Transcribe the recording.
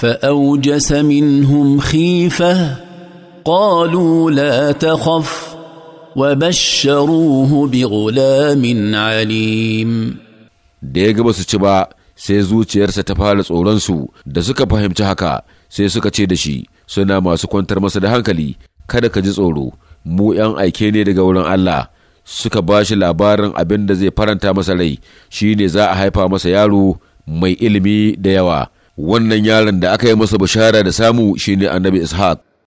فاوجس منهم خيفه قالوا لا تخف وبشروه بغلام عليم da ya gaba su ci ba sai zuciyarsa ta fara tsoronsu da suka fahimci haka sai suka ce da shi suna masu kwantar masa da hankali kada ka ji tsoro mu 'yan aike ne daga wurin Allah suka ba shi labarin abin da zai faranta masa rai shine za a haifa masa yaro mai ilimi da yawa wannan yaron da aka yi masa bishara da samu shine annabi ishaq